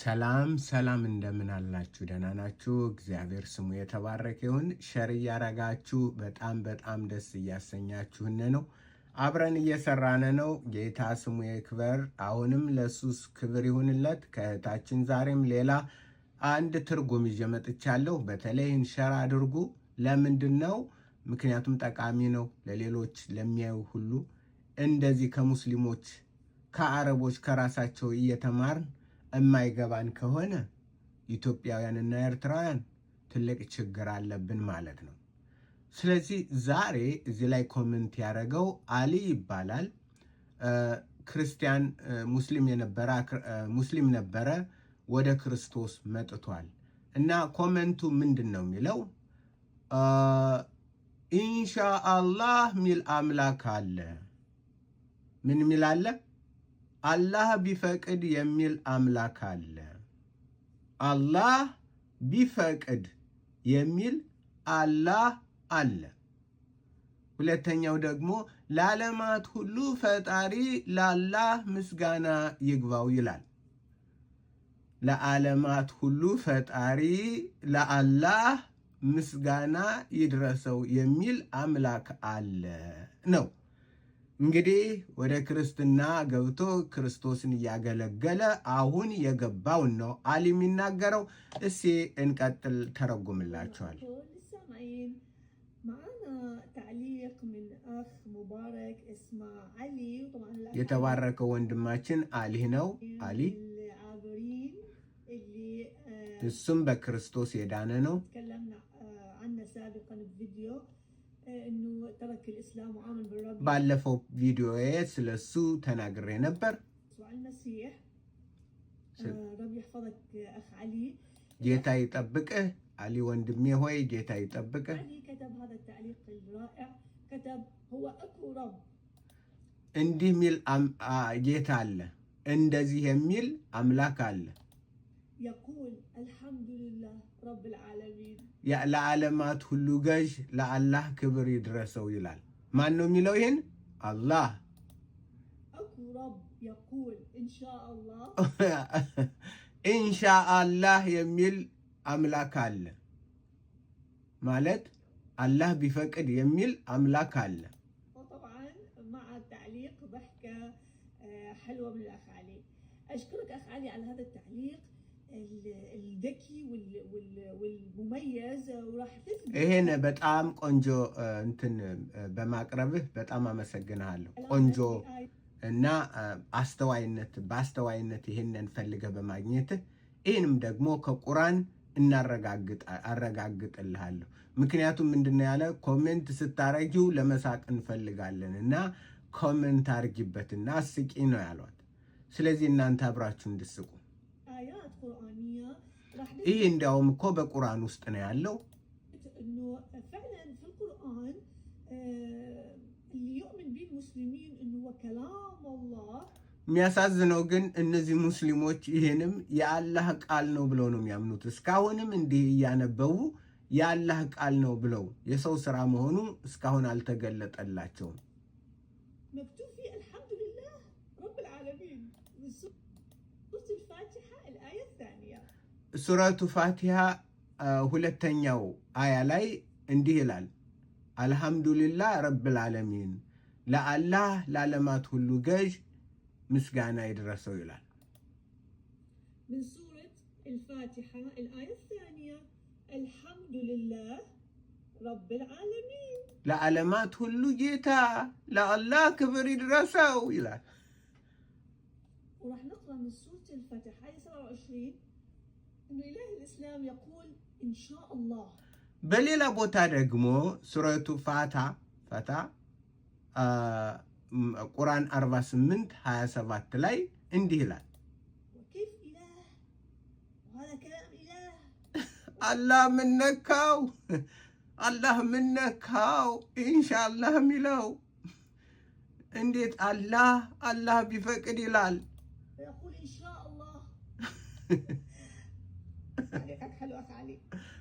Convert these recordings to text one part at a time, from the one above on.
ሰላም ሰላም፣ እንደምን አላችሁ? ደህና ናችሁ? እግዚአብሔር ስሙ የተባረከ ይሁን። ሸር እያረጋችሁ በጣም በጣም ደስ እያሰኛችሁን ነው። አብረን እየሰራን ነው። ጌታ ስሙ ይክበር። አሁንም ለሱስ ክብር ይሁንለት። ከእህታችን ዛሬም ሌላ አንድ ትርጉም ይዤ መጥቻለሁ። በተለይን ሸር አድርጉ። ለምንድን ነው? ምክንያቱም ጠቃሚ ነው ለሌሎች ለሚያዩ ሁሉ። እንደዚህ ከሙስሊሞች ከአረቦች ከራሳቸው እየተማርን የማይገባን ከሆነ ኢትዮጵያውያንና ኤርትራውያን ትልቅ ችግር አለብን ማለት ነው። ስለዚህ ዛሬ እዚህ ላይ ኮመንት ያደረገው አሊ ይባላል። ክርስቲያን ሙስሊም የነበረ ሙስሊም ነበረ፣ ወደ ክርስቶስ መጥቷል። እና ኮመንቱ ምንድን ነው የሚለው ኢንሻአላህ ሚል አምላክ አለ። ምን ሚል አለ? አላህ ቢፈቅድ የሚል አምላክ አለ። አላህ ቢፈቅድ የሚል አላህ አለ። ሁለተኛው ደግሞ ለዓለማት ሁሉ ፈጣሪ ለአላህ ምስጋና ይግባው ይላል። ለዓለማት ሁሉ ፈጣሪ ለአላህ ምስጋና ይድረሰው የሚል አምላክ አለ ነው። እንግዲህ ወደ ክርስትና ገብቶ ክርስቶስን እያገለገለ አሁን የገባውን ነው አል የሚናገረው። እስኪ እንቀጥል፣ ተረጉምላቸዋል የተባረከው ወንድማችን አሊ ነው። አሊ እሱም በክርስቶስ የዳነ ነው። ባለፈው ቪዲዮ ስለ ስለሱ ተናግሬ ነበር። ጌታ ይጠብቅህ አሊ ወንድሜ ሆይ ጌታ ይጠብቅህ። እንዲህ ሚል ጌታ አለ፣ እንደዚህ የሚል አምላክ አለ። رب العالمين يا العالمات كله جج لعله كبر يدرس ويلال ما انه ميلو الله اكو رب يقول ان شاء الله ان شاء الله يميل املاك الله مالت الله بفقد يميل املاك الله وطبعا مع التعليق ضحكة آه، حلوه من الاخ علي اشكرك اخ علي على هذا التعليق ይሄን በጣም ቆንጆ እንትን በማቅረብህ በጣም አመሰግንሃለሁ። ቆንጆ እና አስተዋይነት በአስተዋይነት ይሄንን ፈልገህ በማግኘትህ ይህንም ደግሞ ከቁራን እናረጋግጥልሃለሁ። ምክንያቱም ምንድነው ያለ ኮሜንት ስታረጊው ለመሳቅ እንፈልጋለን እና ኮሜንት አርጊበትና አስቂ ነው ያሏት። ስለዚህ እናንተ አብራችሁ እንድስቁ ይህ እንዲያውም እኮ በቁርአን ውስጥ ነው ያለው። የሚያሳዝነው ግን እነዚህ ሙስሊሞች ይህንም የአላህ ቃል ነው ብለው ነው የሚያምኑት። እስካሁንም እንዲህ እያነበቡ የአላህ ቃል ነው ብለው የሰው ስራ መሆኑ እስካሁን አልተገለጠላቸውም። ሱረቱ ፋቲሃ ሁለተኛው አያ ላይ እንዲህ ይላል፣ አልሐምዱሊላህ ረብል ዓለሚን ለአላህ ለዓለማት ሁሉ ገዥ ምስጋና ይድረሰው ይላል። ምን ሱረት አልፋቲሃ አልአያ አልሳኒያ አልሐምዱሊላህ ረብል ዓለሚን ለዓለማት ሁሉ ጌታ ለአላህ ክብር ይድረሰው ይላል። በሌላ ቦታ ደግሞ ሱረቱ ፋታ ፈታ ቁርአን 48 27 ላይ እንዲህ ይላል። አላህ ምነካው አላህ ምነካው ኢንሻአላህ ሚለው እንዴት አላህ አላህ ቢፈቅድ ይላል።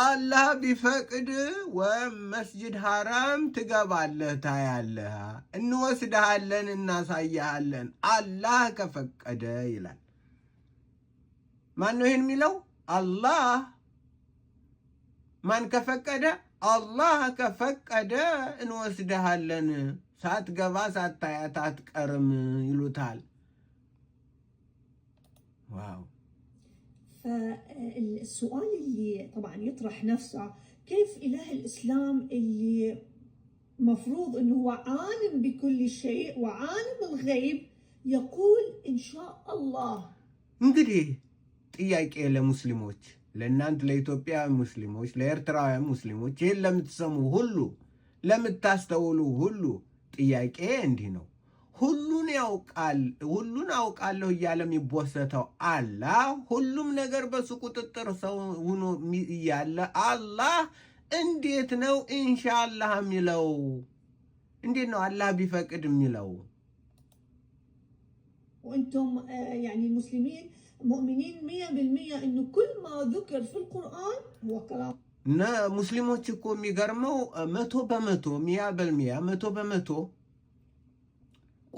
አላህ ቢፈቅድ ወመስጅድ ሐራም ትገባለህ፣ ታያለህ፣ እንወስድሃለን፣ እናሳያሃለን አላህ ከፈቀደ ይላል። ማን ነው ይህን የሚለው? አላህ። ማን ከፈቀደ? አላህ ከፈቀደ እንወስድሃለን፣ ሳትገባ ሳታያት አትቀርም ይሉታል። ዋው فالسؤال اللي طبعا يطرح نفسه كيف إله الإسلام اللي مفروض أنه هو عالم بكل شيء وعالم الغيب يقول إن شاء الله እንግዲህ ጥያቄ ለሙስሊሞች ለእናንተ ለኢትዮጵያውያን ሙስሊሞች ለኤርትራውያን ሙስሊሞች ይህን ለምትሰሙ ሁሉ ለምታስተውሉ ሁሉ ጥያቄ እንዲህ ነው ሁሉን ያውቃል ሁሉን አውቃለሁ እያለ የሚቦሰተው አላህ ሁሉም ነገር በሱ ቁጥጥር ሰው ሆኖ እያለ አላህ እንዴት ነው ኢንሻአላህ የሚለው? እንዴት ነው አላህ ቢፈቅድ የሚለው? ወንቱም ያኒ ሙስሊሚን ሙእሚኒን ሚያ በልሚያ እኑ ኩል ማ ዙክር ፊል ቁርአን ሁወ ሙስሊሞች እኮ የሚገርመው መቶ በመቶ ሚያ በልሚያ መቶ በመቶ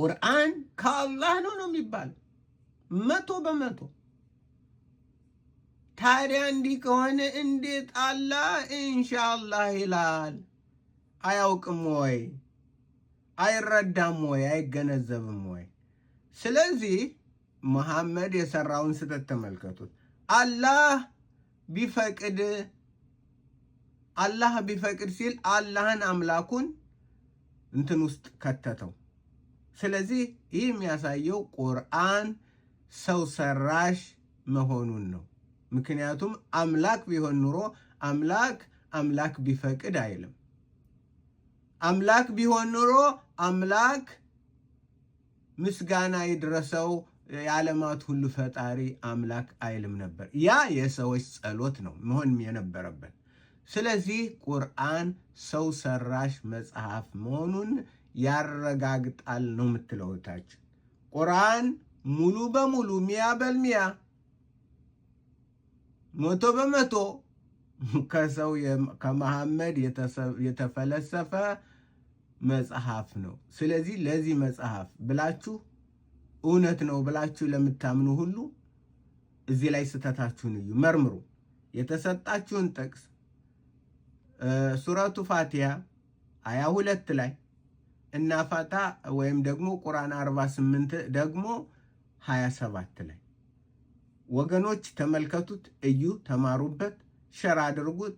ቁርአን ከአላህ ነው ነው የሚባለው መቶ በመቶ። ታዲያ እንዲህ ከሆነ እንዴት አላህ ኢንሻአላህ ይላል? አያውቅም ወይ? አይረዳም ወይ? አይገነዘብም ወይ? ስለዚህ መሐመድ የሰራውን ስህተት ተመልከቱት። አላህ ቢፈቅድ አላህ ቢፈቅድ ሲል አላህን አምላኩን እንትን ውስጥ ከተተው። ስለዚህ ይህ የሚያሳየው ቁርአን ሰው ሰራሽ መሆኑን ነው። ምክንያቱም አምላክ ቢሆን ኑሮ አምላክ አምላክ ቢፈቅድ አይልም። አምላክ ቢሆን ኑሮ አምላክ ምስጋና ይድረሰው የዓለማት ሁሉ ፈጣሪ አምላክ አይልም ነበር። ያ የሰዎች ጸሎት ነው መሆን የነበረበት። ስለዚህ ቁርአን ሰው ሰራሽ መጽሐፍ መሆኑን ያረጋግጣል ነው የምትለው እህታችን። ቁርአን ሙሉ በሙሉ ሚያ በልሚያ መቶ በመቶ ከሰው ከመሐመድ የተፈለሰፈ መጽሐፍ ነው። ስለዚህ ለዚህ መጽሐፍ ብላችሁ እውነት ነው ብላችሁ ለምታምኑ ሁሉ እዚህ ላይ ስህተታችሁን እዩ፣ መርምሩ። የተሰጣችሁን ጥቅስ ሱረቱ ፋቲያ አያ ሁለት ላይ እናፋታ ወይም ደግሞ ቁርአን 48 ደግሞ 27 ላይ ወገኖች ተመልከቱት፣ እዩ፣ ተማሩበት፣ ሸር አድርጉት።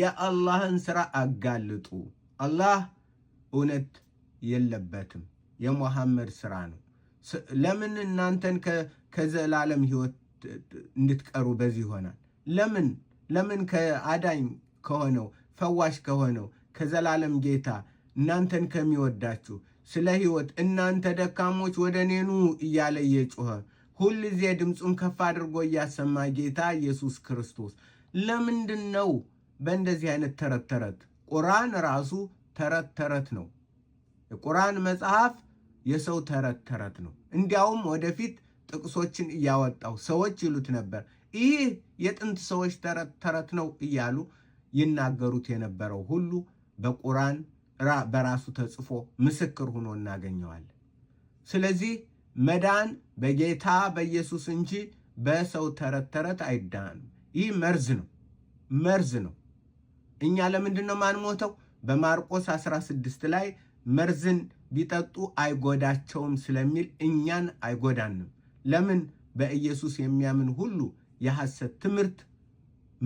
የአላህን ስራ አጋልጡ። አላህ እውነት የለበትም። የሙሐመድ ስራ ነው። ለምን እናንተን ከዘላለም ህይወት እንድትቀሩ በዚህ ይሆናል? ለምን ለምን ከአዳኝ ከሆነው ፈዋሽ ከሆነው ከዘላለም ጌታ እናንተን ከሚወዳችሁ ስለ ሕይወት እናንተ ደካሞች ወደ እኔ ኑ እያለ እየጮኸ ሁልጊዜ ድምፁን ከፍ አድርጎ እያሰማ ጌታ ኢየሱስ ክርስቶስ ለምንድን ነው በእንደዚህ አይነት ተረት ተረት? ቁርአን ራሱ ተረት ተረት ነው። የቁርአን መጽሐፍ የሰው ተረት ተረት ነው። እንዲያውም ወደፊት ጥቅሶችን እያወጣው ሰዎች ይሉት ነበር፣ ይህ የጥንት ሰዎች ተረት ተረት ነው እያሉ ይናገሩት የነበረው ሁሉ በቁርአን በራሱ ተጽፎ ምስክር ሆኖ እናገኘዋለን። ስለዚህ መዳን በጌታ በኢየሱስ እንጂ በሰው ተረት ተረት አይዳንም። ይህ መርዝ ነው፣ መርዝ ነው። እኛ ለምንድን ነው ማንሞተው? በማርቆስ 16 ላይ መርዝን ቢጠጡ አይጎዳቸውም ስለሚል እኛን አይጎዳንም። ለምን? በኢየሱስ የሚያምን ሁሉ የሐሰት ትምህርት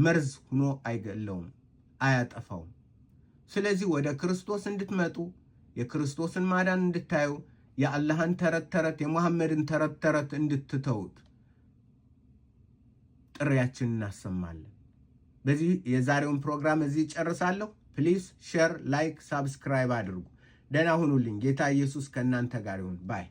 መርዝ ሆኖ አይገለውም፣ አያጠፋውም። ስለዚህ ወደ ክርስቶስ እንድትመጡ የክርስቶስን ማዳን እንድታዩ የአላህን ተረት ተረት የሙሐመድን ተረት ተረት እንድትተውት ጥሪያችን እናሰማለን። በዚህ የዛሬውን ፕሮግራም እዚህ ጨርሳለሁ። ፕሊዝ ሼር፣ ላይክ፣ ሳብስክራይብ አድርጉ። ደህና ሁኑልኝ። ጌታ ኢየሱስ ከእናንተ ጋር ይሁን ባይ